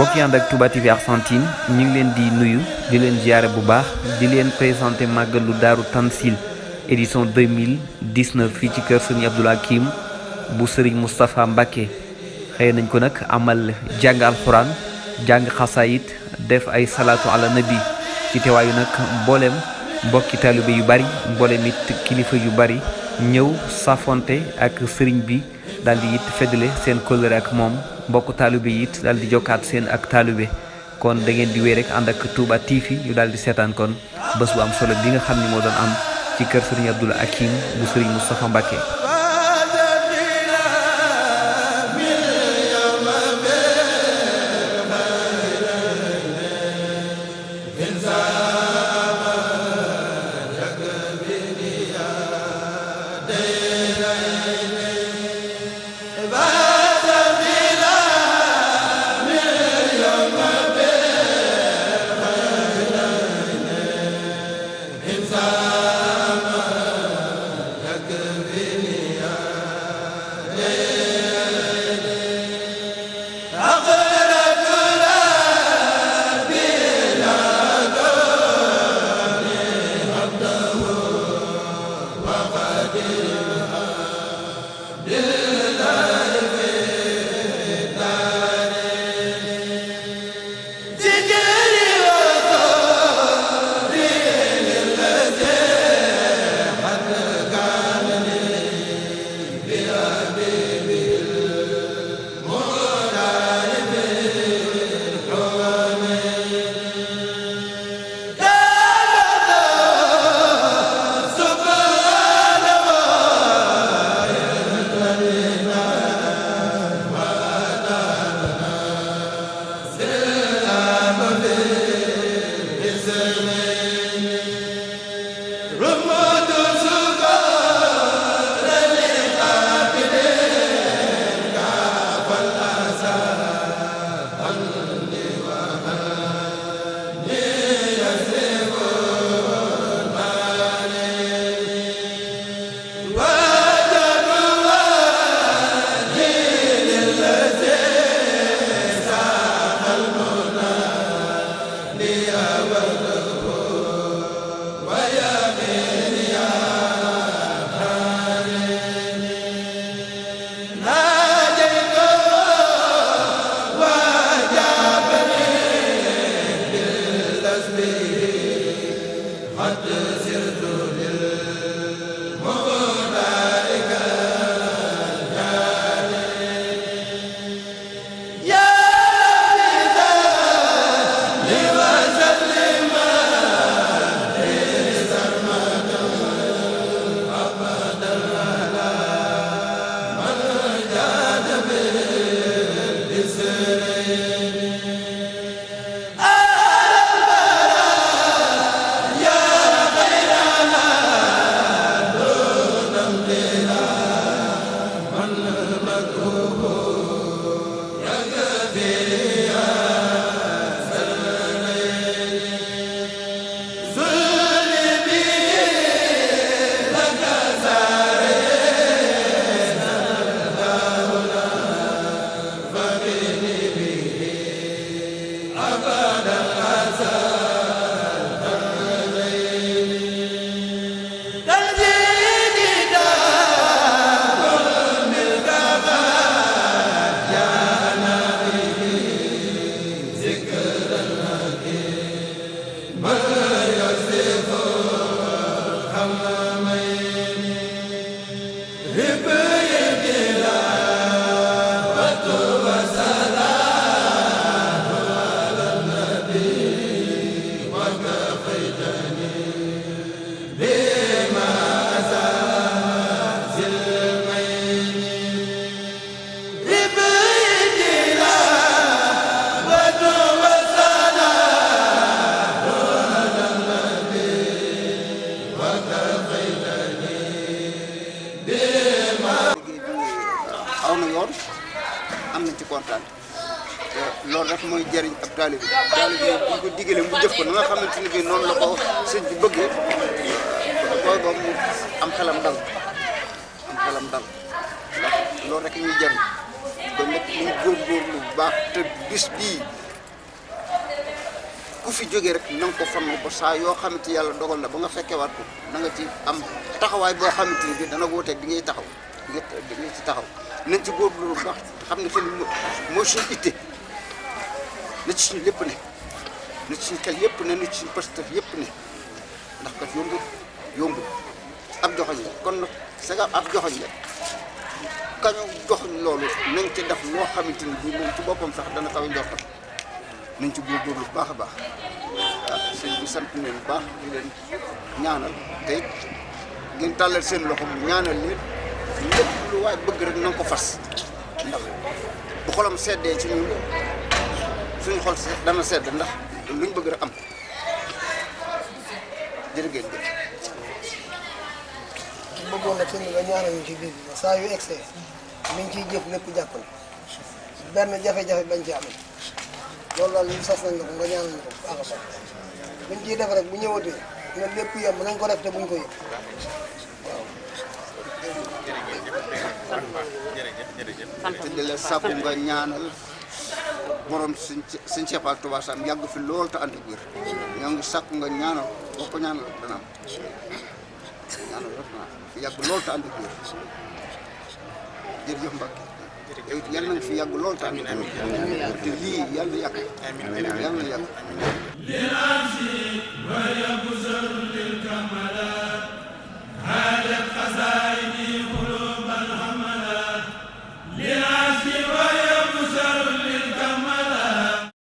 mbokk yi ànd ak Touba TV Argentine ñu ngi leen di nuyu di leen jaare bu baax di leen présenté lu Daaru Tansil édition 2019 fii ci kër Serigne Abdoul Hakim bu Serigne Moustapha Mbacké xëy nañ ko nag amal jàng alxuraan jàng xasaayit def ay salaatu ala nabi ci teewaayu nag mbooleem mbokki taalibe yu bari mboolem it kilifa yu bari ñëw safonte ak sëriñ bi daal di it feddale seen kóllëre ak moom mbokk taalibe yi it daal di jokkaat seen ak taalibe kon da ngeen di wéy rek ànd ak Touba TV ñu daldi seetaan kon bés bu am solo bi nga xam ne moo doon am ci kër Serigne Abdoul Hakim bu Serigne Moustapha Mbacké qad lépp kontaan loolu rek mooy jariñ ab taalibe taalibe bu ñu ko digalee mu jëf ko na nga xamante ni bii noonu la ko sëñ bi bëggee booy ba am xelam dal am xelam dal ndax loolu rek ñuy jëriñ kon nag ñu góorgóorlu baax te bis bii fi jógee rek na ko fan saa yoo xamante yàlla dogal na ba nga fekkewaat ko na ci am taxawaay boo xamante ni bii dana woote bi ngay taxaw bi nga ci taxaw nañ ci góorgóorlu bu baax xam ne que ni mooy suñu itte na ci suñu lépp ne na ci suñu xel yëpp ne na ci suñu pasteur yëpp ne ndax kat yomb yomb ab joxoñ la kon nag saga ab joxoñ la kañu joxoñ loolu nañ ci def loo xamante ni bii moom ci boppam sax dana kaw a njortam nañ ci góorgóorlu bu baax a baax waaw ah, sëñ bi bu baax di leen ñaanal te ngeen tàllal seen loxo mu ñaanal leen. lépp lu waay bëgg rek na ko fas ndax bu xolam seddee ci ñun suñu xol dana sedd ndax luñ bëgg rek am jërëjëf. bëggoon na kenn nga ñaanal ñu ci biir bi saa yu excès mi ngi ciy jëf lépp jàpp benn jafe-jafe bañ ci amee loolu daal ñu sas nañ la ko nga ñaanal ñu ko baax a baax buñ def rek bu ñëwatee nga lépp yem nañ ko def te buñ ko yëg. te di la sàkku nga ñaanal borom suñ suñ Cheikh Fall Touba Sam yàgg fi lool te ànd ak ñoo ngi sàkku nga ñaanal boo ko ñaanal dana am ñaanal rek yàgg lool te ànd ak wér jërëjëf Mbacke yal nañ fi yàgg lool te ànd ak te lii yàlla yàgg